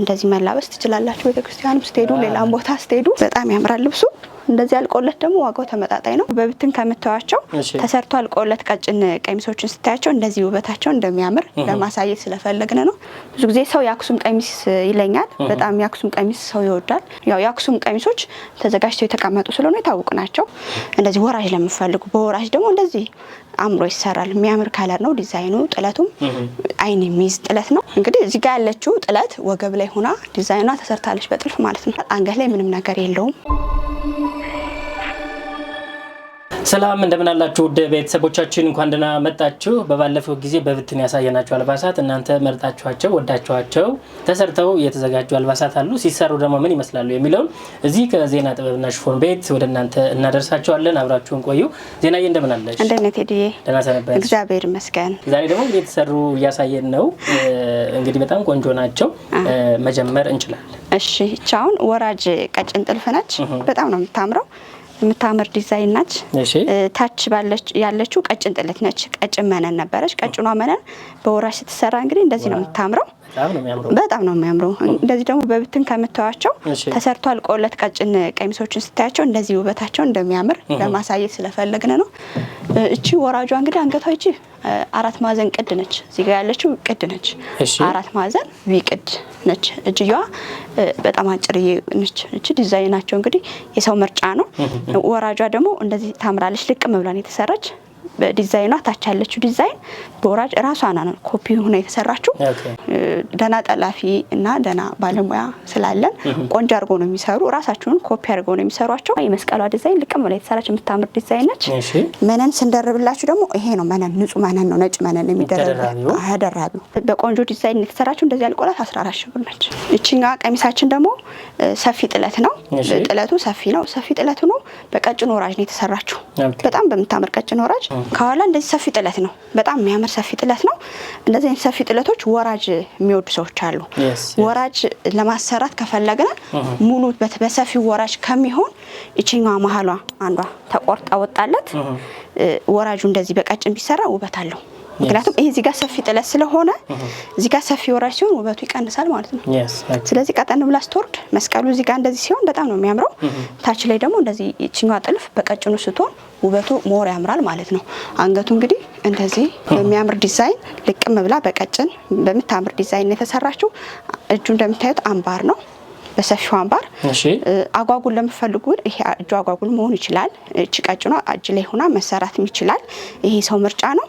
እንደዚህ መላበስ ትችላላችሁ። ቤተክርስቲያንም ስትሄዱ፣ ሌላም ቦታ ስትሄዱ በጣም ያምራል ልብሱ። እንደዚህ አልቆለት ደግሞ ዋጋው ተመጣጣኝ ነው። በብትን ከምታያቸው ተሰርቶ አልቆለት ቀጭን ቀሚሶችን ስታያቸው እንደዚህ ውበታቸው እንደሚያምር ለማሳየት ስለፈለግን ነው። ብዙ ጊዜ ሰው የአክሱም ቀሚስ ይለኛል። በጣም የአክሱም ቀሚስ ሰው ይወዳል። ያው የአክሱም ቀሚሶች ተዘጋጅተው የተቀመጡ ስለሆነ የታወቁ ናቸው። እንደዚህ ወራጅ ለምፈልጉ በወራጅ ደግሞ እንደዚህ አምሮ ይሰራል። የሚያምር ከለር ነው ዲዛይኑ። ጥለቱም አይን የሚይዝ ጥለት ነው። እንግዲህ እዚህ ጋር ያለችው ጥለት ወገብ ላይ ሆና ዲዛይኗ ተሰርታለች በጥልፍ ማለት ነው። አንገት ላይ ምንም ነገር የለውም። ሰላም እንደምን አላችሁ ውድ ቤተሰቦቻችን፣ እንኳን ደህና መጣችሁ። በባለፈው ጊዜ በብትን ያሳየናቸው አልባሳት እናንተ መርጣችኋቸው ወዳችኋቸው ተሰርተው የተዘጋጁ አልባሳት አሉ። ሲሰሩ ደግሞ ምን ይመስላሉ የሚለውን እዚህ ከዜና ጥበብና ሽፎን ቤት ወደ እናንተ እናደርሳቸዋለን። አብራችሁን ቆዩ። ዜናዬ እንደምን አለሽ? እንደምን ቴዲዬ? ደህና ሰነበት? እግዚአብሔር ይመስገን። ዛሬ ደግሞ የተሰሩ እያሳየን ነው። እንግዲህ በጣም ቆንጆ ናቸው። መጀመር እንችላለን። እሺ፣ ይህች አሁን ወራጅ ቀጭን ጥልፍ ነች። በጣም ነው የምታምረው የምታምር ዲዛይን ናች። ታች ያለችው ቀጭን ጥለት ነች። ቀጭን መነን ነበረች። ቀጭኗ መነን በወራሽ ስትሰራ እንግዲህ እንደዚህ ነው የምታምረው። በጣም ነው የሚያምረው። እንደዚህ ደግሞ በብትን ከምታያቸው ተሰርቶ አልቆለት ቀጭን ቀሚሶችን ስታያቸው እንደዚህ ውበታቸው እንደሚያምር ለማሳየት ስለፈለግን ነው። እቺ ወራጇ እንግዲህ አንገቷ እቺ አራት ማዕዘን ቅድ ነች። እዚህ ጋር ያለችው ቅድ ነች፣ አራት ማዕዘን ቪ ቅድ ነች። እጅየዋ በጣም አጭርዬ ነች። እቺ ዲዛይናቸው እንግዲህ የሰው ምርጫ ነው። ወራጇ ደግሞ እንደዚህ ታምራለች። ልቅም ብላን የተሰራች በዲዛይኗ ታች ያለችው ዲዛይን በወራጅ እራሷ ናት ኮፒ ሆነ የተሰራችው። ደና ጠላፊ እና ደና ባለሙያ ስላለን ቆንጆ አድርጎ ነው የሚሰሩ። እራሳችሁን ኮፒ አድርገው ነው የሚሰሯቸው። የመስቀሏ ዲዛይን ልቅም ብላ የተሰራች የምታምር ዲዛይን ነች። መነን ስንደርብላችሁ ደግሞ ይሄ ነው መነን፣ ንጹህ መነን ነው ነጭ መነን የሚደረገው በቆንጆ ዲዛይን የተሰራችው። እንደዚህ ያልቆላት 14 ሺህ ብር ነች። እችኛ ቀሚሳችን ደግሞ ሰፊ ጥለት ነው። ጥለቱ ሰፊ ነው። ሰፊ ጥለት ሆኖ በቀጭን ወራጅ ነው የተሰራችው። በጣም በምታምር ቀጭን ወራጅ ከኋላ እንደዚህ ሰፊ ጥለት ነው። በጣም የሚያምር ሰፊ ጥለት ነው። እንደዚህ አይነት ሰፊ ጥለቶች ወራጅ የሚወዱ ሰዎች አሉ። ወራጅ ለማሰራት ከፈለግን ሙሉ በሰፊው ወራጅ ከሚሆን ይችኛዋ መሀሏ አንዷ ተቆርጣ ወጣለት ወራጁ እንደዚህ በቀጭን ቢሰራ ውበት አለው። ምክንያቱም ይሄ እዚህ ጋር ሰፊ ጥለት ስለሆነ uh-huh. እዚህ ጋር ሰፊ ወራጅ ሲሆን ውበቱ ይቀንሳል ማለት ነው። ስለዚህ ቀጠን ብላ ስትወርድ መስቀሉ እዚህ ጋር እንደዚህ ሲሆን በጣም ነው የሚያምረው። uh-huh. ታች ላይ ደግሞ እንደዚህ ችኛ ጥልፍ በቀጭኑ ስትሆን ውበቱ ሞር ያምራል ማለት ነው። አንገቱ እንግዲህ እንደዚህ uh-huh. በሚያምር ዲዛይን ልቅም ብላ በቀጭን በምታምር ዲዛይን የተሰራችው እጁ እንደምታዩት አምባር ነው በሰፊው አምባር አጓጉል ለምፈልጉ ይሄ እጁ አጓጉል መሆን ይችላል። እቺ ቀጭኗ እጅ ላይ ሆና መሰራትም ይችላል። ይሄ ሰው ምርጫ ነው።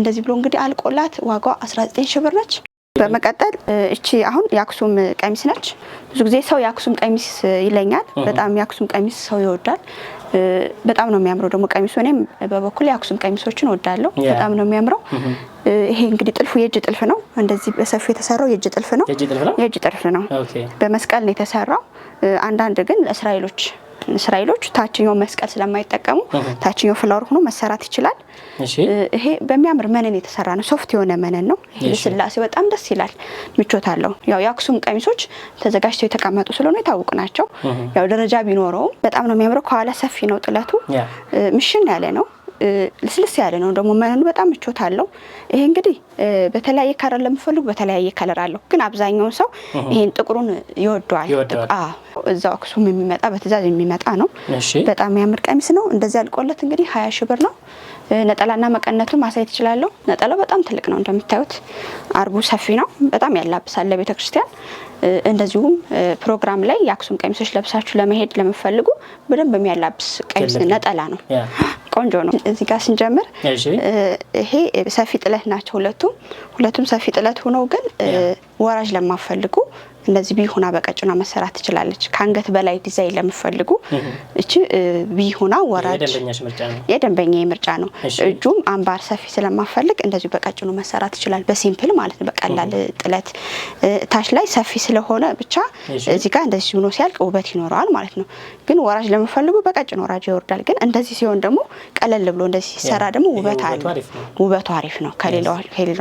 እንደዚህ ብሎ እንግዲህ አልቆላት ዋጋዋ 19 ሺህ ብር ነች። በመቀጠል እቺ አሁን የአክሱም ቀሚስ ነች። ብዙ ጊዜ ሰው የአክሱም ቀሚስ ይለኛል። በጣም የአክሱም ቀሚስ ሰው ይወዳል። በጣም ነው የሚያምረው ደግሞ ቀሚሱ። እኔም በበኩል የአክሱም ቀሚሶችን ወዳለሁ። በጣም ነው የሚያምረው። ይሄ እንግዲህ ጥልፉ የእጅ ጥልፍ ነው። እንደዚህ በሰፊው የተሰራው የእጅ ጥልፍ ነው። የእጅ ጥልፍ ነው። በመስቀል ነው የተሰራው። አንዳንድ ግን ለእስራኤሎች እስራኤሎች ታችኛው መስቀል ስለማይጠቀሙ ታችኛው ፍላወር ሆኖ መሰራት ይችላል። ይሄ በሚያምር መነን የተሰራ ነው። ሶፍት የሆነ መነን ነው። ስላሴ በጣም ደስ ይላል፣ ምቾት አለው። ያው የአክሱም ቀሚሶች ተዘጋጅተው የተቀመጡ ስለሆነ የታወቁ ናቸው። ያው ደረጃ ቢኖረውም በጣም ነው የሚያምረው። ከኋላ ሰፊ ነው ጥለቱ፣ ምሽን ያለ ነው። ልስልስ ያለ ነው። ደግሞ መነኑ በጣም ምቾት አለው። ይሄ እንግዲህ በተለያየ ከለር ለምፈልጉ በተለያየ ከለር አለው። ግን አብዛኛውን ሰው ይሄን ጥቁሩን ይወደዋል። እዛው አክሱም የሚመጣ በትእዛዝ የሚመጣ ነው። በጣም የሚያምር ቀሚስ ነው። እንደዚህ ያልቆለት እንግዲህ ሀያ ሽብር ብር ነው። ነጠላና መቀነቱን ማሳየት እችላለሁ። ነጠላው በጣም ትልቅ ነው እንደምታዩት፣ አርቡ ሰፊ ነው። በጣም ያላብሳል ለቤተ ክርስቲያን። እንደዚሁም ፕሮግራም ላይ የአክሱም ቀሚሶች ለብሳችሁ ለመሄድ ለምፈልጉ በደንብ የሚያላብስ ቀሚስ ነጠላ ነው። ቆንጆ ነው። እዚህ ጋር ስንጀምር ይሄ ሰፊ ጥለት ናቸው ሁለቱም ሁለቱም ሰፊ ጥለት ሆነው ግን ወራጅ ለማፈልጉ እንደዚህ ቢ ሆና በቀጭኗ መሰራት ትችላለች። ከአንገት በላይ ዲዛይን ለምፈልጉ እቺ ቢ ሆና ወራጅ የደንበኛ ምርጫ ነው። እጁም አንባር ሰፊ ስለማፈልግ እንደዚሁ በቀጭኑ መሰራት ይችላል። በሲምፕል ማለት ነው፣ በቀላል ጥለት ታች ላይ ሰፊ ስለሆነ ብቻ እዚህ ጋር እንደዚህ ሆኖ ሲያልቅ ውበት ይኖረዋል ማለት ነው። ግን ወራጅ ለምፈልጉ በቀጭን ወራጅ ይወርዳል። ግን እንደዚህ ሲሆን ደግሞ ቀለል ብሎ እንደዚህ ሲሰራ ደግሞ ውበት አለ። ውበቱ አሪፍ ነው ከሌላው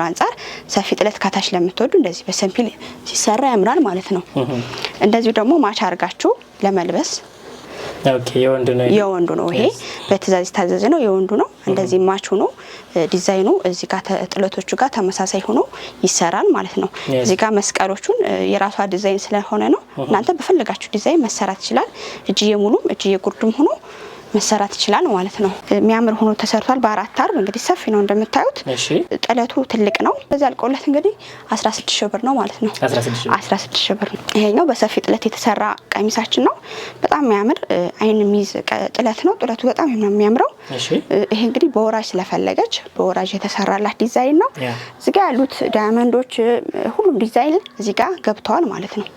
አንጻር። ሰፊ ጥለት ከታች ለምትወዱ እንደዚህ በሲምፕል ሲሰራ ያምራል ማለት ነው። ማለት ነው። እንደዚሁ ደግሞ ማች አርጋችሁ ለመልበስ የወንዱ ነው ይሄ በትእዛዝ የታዘዘ ነው። የወንዱ ነው እንደዚህ ማች ሆኖ ዲዛይኑ እዚህ ጋር ጥለቶቹ ጋር ተመሳሳይ ሆኖ ይሰራል ማለት ነው። እዚህ ጋር መስቀሎቹን የራሷ ዲዛይን ስለሆነ ነው። እናንተ በፈልጋችሁ ዲዛይን መሰራት ይችላል። እጅዬ ሙሉም እጅዬ ጉርዱም ሆኖ መሰራት ይችላል ማለት ነው። የሚያምር ሆኖ ተሰርቷል። በአራት አርብ እንግዲህ ሰፊ ነው እንደምታዩት። ጥለቱ ትልቅ ነው። በዚህ አልቆለት እንግዲህ 16 ሺህ ብር ነው ማለት ነው። 16 ሺህ ብር ነው። ይሄኛው በሰፊ ጥለት የተሰራ ቀሚሳችን ነው። በጣም የሚያምር አይን የሚይዝ ጥለት ነው። ጥለቱ በጣም የሚያምረው ይሄ እንግዲህ በወራጅ ስለፈለገች በወራጅ የተሰራላት ዲዛይን ነው። እዚጋ ያሉት ዳያመንዶች ሁሉም ዲዛይን እዚጋ ገብተዋል ማለት ነው።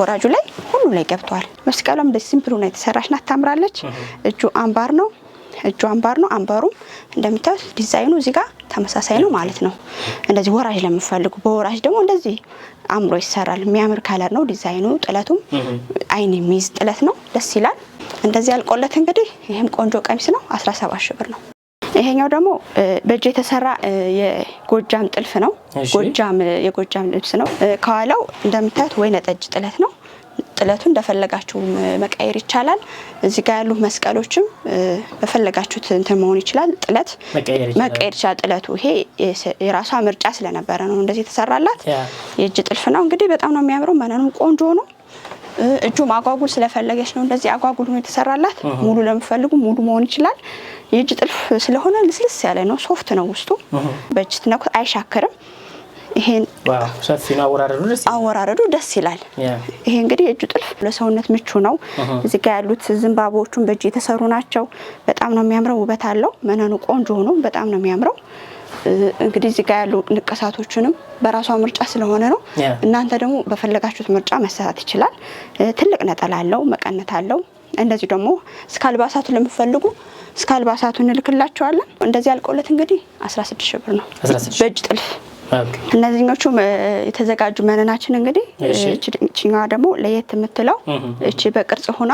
ወራጁ ላይ ሁሉም ላይ ገብተዋል። መስቀሏም ሲምፕል ሆና የተሰራች ናት። ታምራለች። እጁ አምባር ነው። እጁ አምባር ነው። አምባሩም እንደምታዩት ዲዛይኑ እዚህ ጋር ተመሳሳይ ነው ማለት ነው። እንደዚህ ወራጅ ለምፈልጉ በወራጅ ደግሞ እንደዚህ አምሮ ይሰራል። የሚያምር ከለር ነው ዲዛይኑ። ጥለቱም አይን የሚይዝ ጥለት ነው። ደስ ይላል። እንደዚህ ያልቆለት እንግዲህ ይህም ቆንጆ ቀሚስ ነው። 17 ሽብር ብር ነው። ይሄኛው ደግሞ በእጅ የተሰራ የጎጃም ጥልፍ ነው። ጎጃም የጎጃም ልብስ ነው። ከኋላው እንደምታዩት ወይነ ጠጅ ጥለት ነው። ጥለቱ እንደፈለጋችሁ መቀየር ይቻላል። እዚህ ጋር ያሉ መስቀሎችም በፈለጋችሁት እንትን መሆን ይችላል። ጥለት መቀየር ይችላል። ጥለቱ ይሄ የራሷ ምርጫ ስለነበረ ነው እንደዚህ የተሰራላት። የእጅ ጥልፍ ነው እንግዲህ በጣም ነው የሚያምረው። መነኑም ቆንጆ ነው። እጁ አጓጉል ስለፈለገች ነው እንደዚህ አጓጉል ነው የተሰራላት። ሙሉ ለምፈልጉ ሙሉ መሆን ይችላል። የእጅ ጥልፍ ስለሆነ ልስልስ ያለ ነው፣ ሶፍት ነው ውስጡ። በእጅ ትነኩት አይሻክርም። ይሄን አወራረዱ ደስ ይላል። ይሄ እንግዲህ የእጁ ጥልፍ ለሰውነት ምቹ ነው። እዚህ ጋር ያሉት ዝንባባዎቹን በእጅ የተሰሩ ናቸው። በጣም ነው የሚያምረው፣ ውበት አለው። መነኑ ቆንጆ ሆኖ በጣም ነው የሚያምረው። እንግዲህ እዚህ ጋር ያሉ ንቅሳቶችንም በራሷ ምርጫ ስለሆነ ነው። እናንተ ደግሞ በፈለጋችሁት ምርጫ መሰራት ይችላል። ትልቅ ነጠላ አለው፣ መቀነት አለው። እንደዚህ ደግሞ እስከ አልባሳቱ ለምትፈልጉ እስከ አልባሳቱ እንልክላቸዋለን። እንደዚህ ያልቆለት እንግዲህ 16 ሺህ ብር ነው በእጅ ጥልፍ እነዚህኞቹ የተዘጋጁ መነናችን እንግዲህ እችኛዋ ደግሞ ለየት የምትለው እቺ በቅርጽ ሆና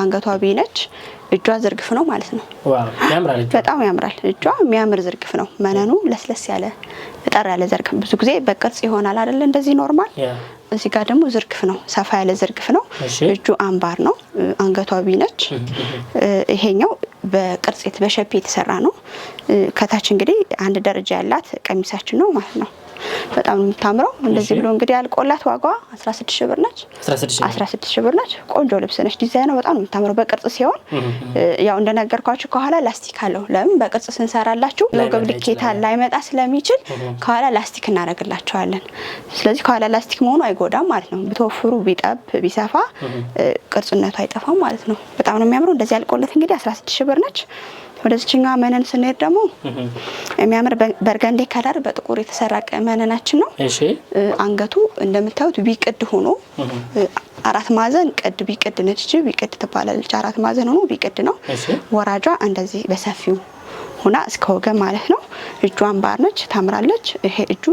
አንገቷ ቢ ነች። እጇ ዝርግፍ ነው ማለት ነው። በጣም ያምራል። እጇ የሚያምር ዝርግፍ ነው። መነኑ ለስለስ ያለ ጠር ያለ ዘርግፍ ብዙ ጊዜ በቅርጽ ይሆናል አይደለ? እንደዚህ ኖርማል እዚህ ጋር ደግሞ ዝርግፍ ነው፣ ሰፋ ያለ ዝርግፍ ነው። እጁ አምባር ነው፣ አንገቷ ቢ ነች። ይሄኛው በቅርጽ በሸፔ የተሰራ ነው። ከታች እንግዲህ አንድ ደረጃ ያላት ቀሚሳችን ነው ማለት ነው። በጣም ነው የምታምረው። እንደዚህ ብሎ እንግዲህ ያልቆላት ዋጋዋ 16 ሺህ ብር ነች። 16 ሺህ ብር ነች። ቆንጆ ልብስ ነች። ዲዛይኗ በጣም ነው የምታምረው። በቅርጽ ሲሆን ያው እንደነገርኳችሁ ከኋላ ላስቲክ አለው። ለምን በቅርጽ ስንሰራላችሁ ወገብ ልኬታ ላይመጣ ስለሚችል ከኋላ ላስቲክ እናደርግላቸዋለን። ስለዚህ ከኋላ ላስቲክ መሆኑ አይጎዳም ማለት ነው። ብትወፍሩ፣ ቢጠብ፣ ቢሰፋ ቅርጽነቱ አይጠፋም ማለት ነው። በጣም ነው የሚያምረው። እንደዚህ ያልቆለት እንግዲህ 16 ሺህ ብር ነች። ወደዚችኛዋ መነን ስንሄድ ደግሞ የሚያምር በርገንዴ ከለር በጥቁር የተሰራ መነናችን ነው። አንገቱ እንደምታዩት ቢቅድ ሆኖ አራት ማዕዘን ቅድ ቢቅድ ነች። ቢቅድ ትባላለች። አራት ማዕዘን ሆኖ ቢቅድ ነው። ወራጇ እንደዚህ በሰፊው ሆና እስከ ወገብ ማለት ነው። እጁ አምባር ነች፣ ታምራለች። ይሄ እጁ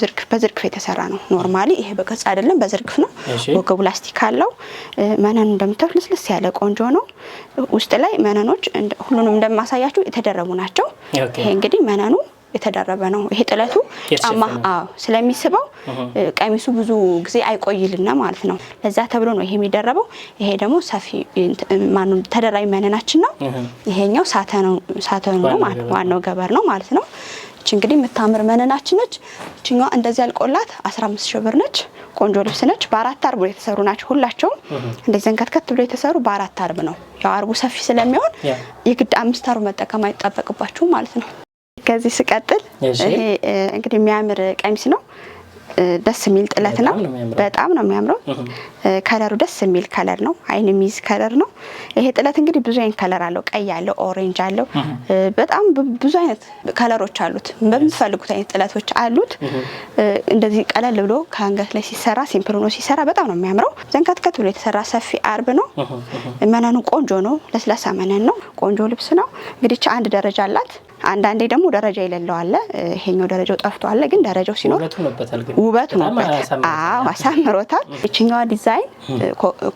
ዝርግፍ በዝርግፍ የተሰራ ነው። ኖርማሊ ይሄ በቅርጽ አይደለም፣ በዝርግፍ ነው። ወገቡ ላስቲክ አለው። መነኑ እንደምታዩት ልስልስ ያለ ቆንጆ ነው። ውስጥ ላይ መነኖች ሁሉንም እንደማሳያችሁ የተደረቡ ናቸው። ይሄ እንግዲህ መነኑ የተደረበ ነው። ይሄ ጥለቱ ጫማ አዎ ስለሚስበው ቀሚሱ ብዙ ጊዜ አይቆይልና ማለት ነው። ለዛ ተብሎ ነው ይሄ የሚደረበው። ይሄ ደግሞ ሰፊ ማኑ ተደራቢ መነናችን ነው። ይሄኛው ሳተኑ ነው ማለት ዋናው ገበር ነው ማለት ነው። እች እንግዲህ የምታምር መነናችን ነች። እችኛዋ እንደዚህ ያልቆላት 15 ሺህ ብር ነች። ቆንጆ ልብስ ነች። በአራት አርብ ነው የተሰሩ ናቸው ሁላቸውም። እንደዚህ ዘንከትከት ብሎ የተሰሩ በአራት አርብ ነው። ያው አርቡ ሰፊ ስለሚሆን የግድ አምስት አርብ መጠቀም አይጠበቅባችሁም ማለት ነው። ከዚህ ስቀጥል ይሄ እንግዲህ የሚያምር ቀሚስ ነው። ደስ የሚል ጥለት ነው። በጣም ነው የሚያምረው። ከለሩ ደስ የሚል ከለር ነው። አይን የሚይዝ ከለር ነው። ይሄ ጥለት እንግዲህ ብዙ አይነት ከለር አለው። ቀይ አለው፣ ኦሬንጅ አለው። በጣም ብዙ አይነት ከለሮች አሉት። በምትፈልጉት አይነት ጥለቶች አሉት። እንደዚህ ቀለል ብሎ ከአንገት ላይ ሲሰራ ሲምፕል ሆኖ ሲሰራ በጣም ነው የሚያምረው። ዘንከትከት ብሎ የተሰራ ሰፊ አርብ ነው። መነኑ ቆንጆ ነው። ለስላሳ መነን ነው። ቆንጆ ልብስ ነው። እንግዲህ አንድ ደረጃ አላት። አንዳንዴ ደግሞ ደረጃ የሌለው አለ። ይሄኛው ደረጃው ጠፍቶ አለ። ግን ደረጃው ሲኖር ውበት ሆኖበታል፣ አሳምሮታል። ይችኛዋ ዲዛይን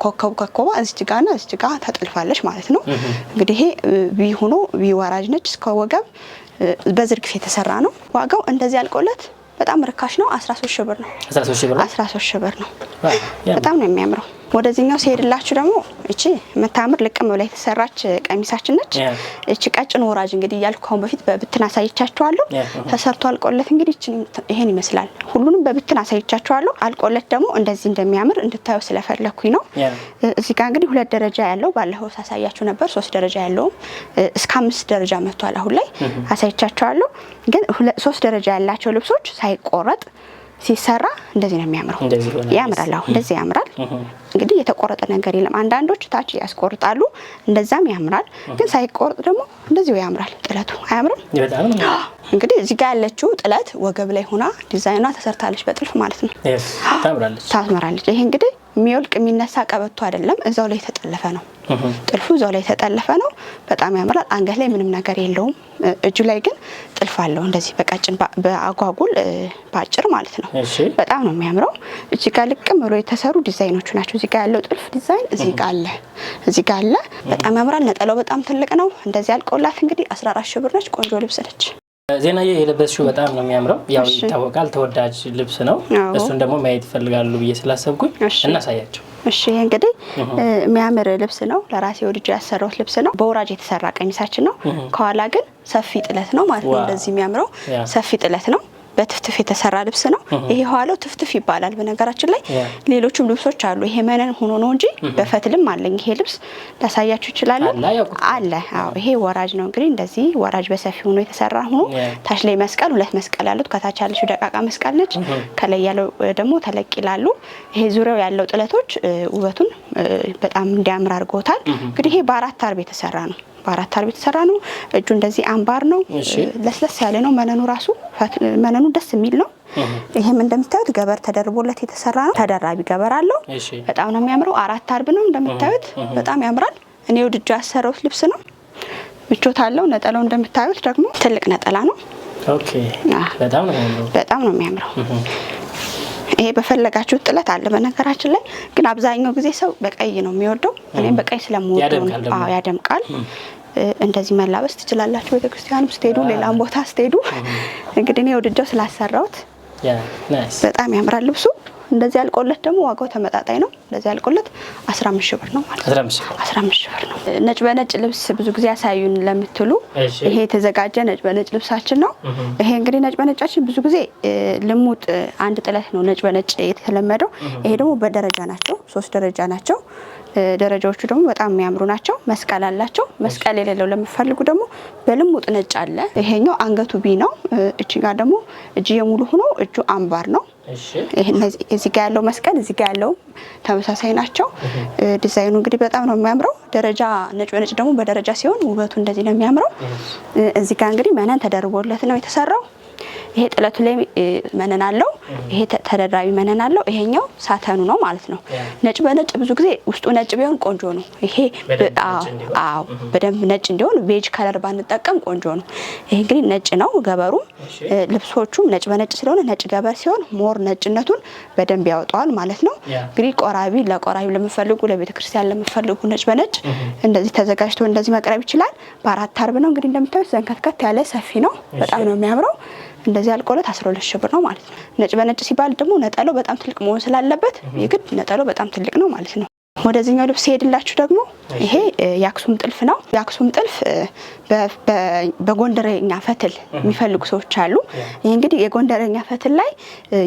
ኮከቡ ከኮባ እዚች ና እዚች ጋ ተጠልፋለች ማለት ነው። እንግዲህ ይሄ ቪ ሆኖ ቪ ወራጅ ነች እስከ ወገብ በዝርግፍ የተሰራ ነው። ዋጋው እንደዚህ ያልቆለት በጣም ርካሽ ነው። 13 ሺህ ብር ነው። 13 ሺህ ብር ነው። በጣም ነው የሚያምረው። ወደዚህኛው ሲሄድላችሁ ደግሞ እቺ መታምር ልቅም ብላ የተሰራች ቀሚሳችን ነች። እቺ ቀጭን ወራጅ እንግዲህ እያልኩ አሁን በፊት በብትን አሳይቻችኋለሁ። ተሰርቶ አልቆለት እንግዲህ ይሄን ይመስላል። ሁሉንም በብትን አሳይቻችኋለሁ። አልቆለት ደግሞ እንደዚህ እንደሚያምር እንድታየው ስለፈለኩኝ ነው። እዚህ ጋር እንግዲህ ሁለት ደረጃ ያለው ባለፈው ሳሳያችሁ ነበር። ሶስት ደረጃ ያለውም እስከ አምስት ደረጃ መጥቷል። አሁን ላይ አሳይቻችኋለሁ። ግን ሶስት ደረጃ ያላቸው ልብሶች ሳይቆረጥ ሲሰራ እንደዚህ ነው የሚያምረው። ያምራል። አሁን እንደዚህ ያምራል። እንግዲህ የተቆረጠ ነገር የለም። አንዳንዶች ታች ያስቆርጣሉ፣ እንደዛም ያምራል። ግን ሳይቆርጥ ደግሞ እንደዚሁ ያምራል። ጥለቱ አያምርም? እንግዲህ እዚህ ጋር ያለችው ጥለት ወገብ ላይ ሆና ዲዛይኗ ተሰርታለች በጥልፍ ማለት ነው። ታምራለች። ይሄ እንግዲህ የሚወልቅ የሚነሳ ቀበቶ አይደለም፣ እዛው ላይ የተጠለፈ ነው። ጥልፉ እዛው ላይ የተጠለፈ ነው። በጣም ያምራል። አንገት ላይ ምንም ነገር የለውም። እጁ ላይ ግን ጥልፍ አለው እንደዚህ በቀጭን በአጓጉል በአጭር ማለት ነው። በጣም ነው የሚያምረው። እጅ ጋር ልቅም ብሎ የተሰሩ ዲዛይኖቹ ናቸው። እዚህ ጋር ያለው ጥልፍ ዲዛይን እዚህ ጋር አለ፣ እዚህ ጋር አለ። በጣም ያምራል። ነጠላው በጣም ትልቅ ነው። እንደዚህ አልቆላት እንግዲህ 14 ሺህ ብር ነች። ቆንጆ ልብስ ነች። ዜናዬ የለበስሽው በጣም ነው የሚያምረው። ያው ይታወቃል፣ ተወዳጅ ልብስ ነው። እሱን ደግሞ ማየት ይፈልጋሉ ብዬ ስላሰብኩኝ እናሳያቸው። እሺ ይህ እንግዲህ የሚያምር ልብስ ነው። ለራሴ ወድጄ ያሰራሁት ልብስ ነው። በወራጅ የተሰራ ቀሚሳችን ነው። ከኋላ ግን ሰፊ ጥለት ነው ማለት ነው። እንደዚህ የሚያምረው ሰፊ ጥለት ነው። በትፍትፍ የተሰራ ልብስ ነው። ይሄ ኋላው ትፍትፍ ይባላል። በነገራችን ላይ ሌሎችም ልብሶች አሉ። ይሄ መነን ሆኖ ነው እንጂ በፈትልም አለኝ። ይሄ ልብስ ላሳያችሁ ይችላል አለ። አዎ፣ ይሄ ወራጅ ነው እንግዲህ እንደዚህ ወራጅ በሰፊ ሆኖ የተሰራ ሆኖ ታች ላይ መስቀል፣ ሁለት መስቀል ያሉት፣ ከታች ያለችው ደቃቃ መስቀል ነች፣ ከላይ ያለው ደግሞ ተለቅ ይላሉ። ይሄ ዙሪያው ያለው ጥለቶች ውበቱን በጣም እንዲያምር አድርጎታል። እንግዲህ ይሄ በአራት አርብ የተሰራ ነው። በአራት አርብ የተሰራ ነው። እጁ እንደዚህ አምባር ነው፣ ለስለስ ያለ ነው። መነኑ ራሱ መነኑ ደስ የሚል ነው። ይህም እንደምታዩት ገበር ተደርቦለት የተሰራ ነው። ተደራቢ ገበር አለው። በጣም ነው የሚያምረው። አራት አርብ ነው እንደምታዩት፣ በጣም ያምራል። እኔ ውድጃ ያሰራሁት ልብስ ነው። ምቾት አለው። ነጠላው እንደምታዩት ደግሞ ትልቅ ነጠላ ነው። በጣም ነው የሚያምረው። ይሄ በፈለጋችሁት ጥለት አለ። በነገራችን ላይ ግን አብዛኛው ጊዜ ሰው በቀይ ነው የሚወደው እኔም በቀይ ስለምወደው ያደምቃል። እንደዚህ መላበስ ትችላላችሁ። ቤተክርስቲያንም ስትሄዱ፣ ሌላም ቦታ ስትሄዱ እንግዲህ እኔ ወድጀው ስላሰራሁት በጣም ያምራል ልብሱ። እንደዚህ አልቆለት ደግሞ ዋጋው ተመጣጣኝ ነው። ያልቁለት ያልቆለት 15 ሺህ ብር ነው ማለት ነው። 15 ሺህ ብር ነው። ነጭ በነጭ ልብስ ብዙ ጊዜ ያሳዩን ለምትሉ ይሄ የተዘጋጀ ነጭ በነጭ ልብሳችን ነው። ይሄ እንግዲህ ነጭ በነጫችን ብዙ ጊዜ ልሙጥ አንድ ጥለት ነው ነጭ በነጭ የተለመደው። ይሄ ደግሞ በደረጃ ናቸው፣ ሶስት ደረጃ ናቸው። ደረጃዎቹ ደግሞ በጣም የሚያምሩ ናቸው። መስቀል አላቸው። መስቀል የሌለው ለምፈልጉ ደግሞ በልሙጥ ነጭ አለ። ይሄኛው አንገቱ ቢ ነው። እቺ ጋር ደግሞ እጅ የሙሉ ሆኖ እጁ አምባር ነው። እዚህ ያለው መስቀል እዚህ ያለው ተመሳሳይ ናቸው። ዲዛይኑ እንግዲህ በጣም ነው የሚያምረው። ደረጃ ነጭ በነጭ ደግሞ በደረጃ ሲሆን ውበቱ እንደዚህ ነው የሚያምረው። እዚህ ጋር እንግዲህ መነን ተደርቦለት ነው የተሰራው። ይሄ ጥለቱ ላይ መነን አለው፣ ይሄ ተደራቢ መነን አለው፣ ይሄኛው ሳተኑ ነው ማለት ነው። ነጭ በነጭ ብዙ ጊዜ ውስጡ ነጭ ቢሆን ቆንጆ ነው። ይሄ አዎ፣ በደንብ ነጭ እንዲሆን ቤጅ ከለር ባንጠቀም ቆንጆ ነው። ይሄ እንግዲህ ነጭ ነው ገበሩም፣ ልብሶቹም ነጭ በነጭ ስለሆነ ነጭ ገበር ሲሆን ሞር ነጭነቱን በደንብ ያወጣዋል ማለት ነው። እንግዲህ ቆራቢ ለቆራቢ ለምፈልጉ ለቤተ ክርስቲያን ለምፈልጉ ነጭ በነጭ እንደዚህ ተዘጋጅቶ እንደዚህ መቅረብ ይችላል። በአራት አርብ ነው እንግዲህ እንደምታዩት ዘንከትከት ያለ ሰፊ ነው። በጣም ነው የሚያምረው። እንደዚህ አልቆለት 12 ሺህ ብር ነው ማለት ነው። ነጭ በነጭ ሲባል ደግሞ ነጠላው በጣም ትልቅ መሆን ስላለበት የግድ ነጠላው በጣም ትልቅ ነው ማለት ነው። ወደዚህኛው ልብስ ሲሄድላችሁ ደግሞ ይሄ የአክሱም ጥልፍ ነው። የአክሱም ጥልፍ በጎንደረኛ ፈትል የሚፈልጉ ሰዎች አሉ። ይህ እንግዲህ የጎንደረኛ ፈትል ላይ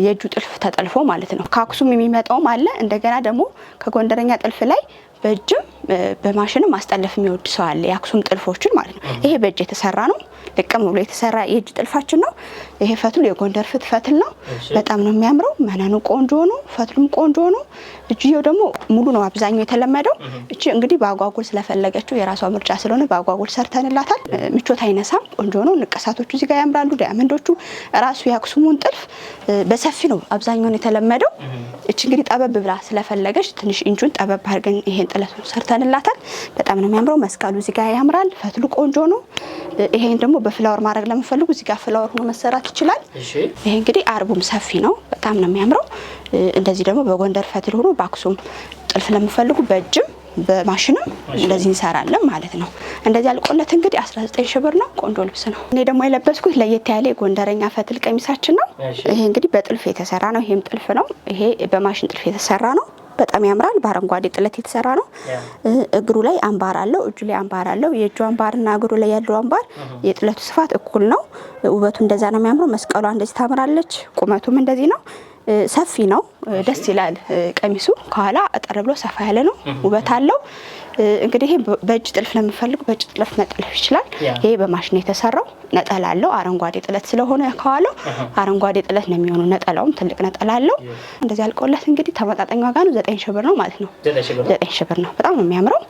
የእጁ ጥልፍ ተጠልፎ ማለት ነው። ከአክሱም የሚመጣውም አለ። እንደገና ደግሞ ከጎንደረኛ ጥልፍ ላይ በእጅም በማሽንም ማስጠለፍ የሚወድ ሰው አለ። የአክሱም ጥልፎችን ማለት ነው። ይሄ በእጅ የተሰራ ነው። ልቅም ብሎ የተሰራ የእጅ ጥልፋችን ነው። ይሄ ፈትል የጎንደር ፍት ፈትል ነው። በጣም ነው የሚያምረው። መነኑ ቆንጆ ነው። ፈትሉም ቆንጆ ነው። እጅየው ደግሞ ሙሉ ነው አብዛኛው የተለመደው። እቺ እንግዲህ በአጓጉል ስለፈለገችው የራሷ ምርጫ ስለሆነ በአጓጉል ሰርተንላታል። ምቾት አይነሳም። ቆንጆ ነው። ንቀሳቶቹ እዚጋ ያምራሉ። ዳያመንዶቹ ራሱ የአክሱሙን ጥልፍ በሰፊ ነው አብዛኛውን የተለመደው። እች እንግዲህ ጠበብ ብላ ስለፈለገች ትንሽ እንጁን ጠበብ አድርገን ይሄን ጥለት ሰርተ ሰርተንላታል። በጣም ነው የሚያምረው። መስቀሉ እዚህ ጋር ያምራል። ፈትሉ ቆንጆ ነው። ይሄን ደግሞ በፍላወር ማድረግ ለምፈልጉ እዚህ ጋር ፍላወር ሆኖ መሰራት ይችላል። ይሄ እንግዲህ አርቡም ሰፊ ነው። በጣም ነው የሚያምረው። እንደዚህ ደግሞ በጎንደር ፈትል ሆኖ በአክሱም ጥልፍ ለምፈልጉ በእጅም በማሽንም እንደዚህ እንሰራለን ማለት ነው። እንደዚህ አልቆለት እንግዲህ 19 ሺህ ብር ነው። ቆንጆ ልብስ ነው። እኔ ደግሞ የለበስኩት ለየት ያለ የጎንደረኛ ፈትል ቀሚሳችን ነው። ይሄ እንግዲህ በጥልፍ የተሰራ ነው። ይሄም ጥልፍ ነው። ይሄ በማሽን ጥልፍ የተሰራ ነው። በጣም ያምራል። በአረንጓዴ ጥለት የተሰራ ነው። እግሩ ላይ አምባር አለው፣ እጁ ላይ አምባር አለው። የእጁ አምባርና እግሩ ላይ ያለው አምባር የጥለቱ ስፋት እኩል ነው። ውበቱ እንደዛ ነው የሚያምረው። መስቀሏ እንደዚህ ታምራለች። ቁመቱም እንደዚህ ነው። ሰፊ ነው፣ ደስ ይላል። ቀሚሱ ከኋላ አጠር ብሎ ሰፋ ያለ ነው፣ ውበት አለው። እንግዲህ ይሄ በእጅ ጥልፍ ለምፈልጉ በእጅ ጥልፍ መጠለፍ ይችላል። ይሄ በማሽን የተሰራው ነጠላ አለው። አረንጓዴ ጥለት ስለሆነ ከኋላው አረንጓዴ ጥለት ነው የሚሆነው። ነጠላውም ትልቅ ነጠላ አለው። እንደዚህ አልቆለት እንግዲህ ተመጣጣኝ ዋጋ ነው። ዘጠኝ ሺህ ብር ነው ማለት ነው። ዘጠኝ ሺህ ብር ነው። በጣም ነው የሚያምረው።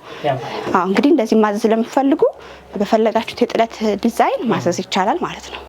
እንግዲህ እንደዚህ ማዘዝ ለምፈልጉ በፈለጋችሁት የጥለት ዲዛይን ማዘዝ ይቻላል ማለት ነው።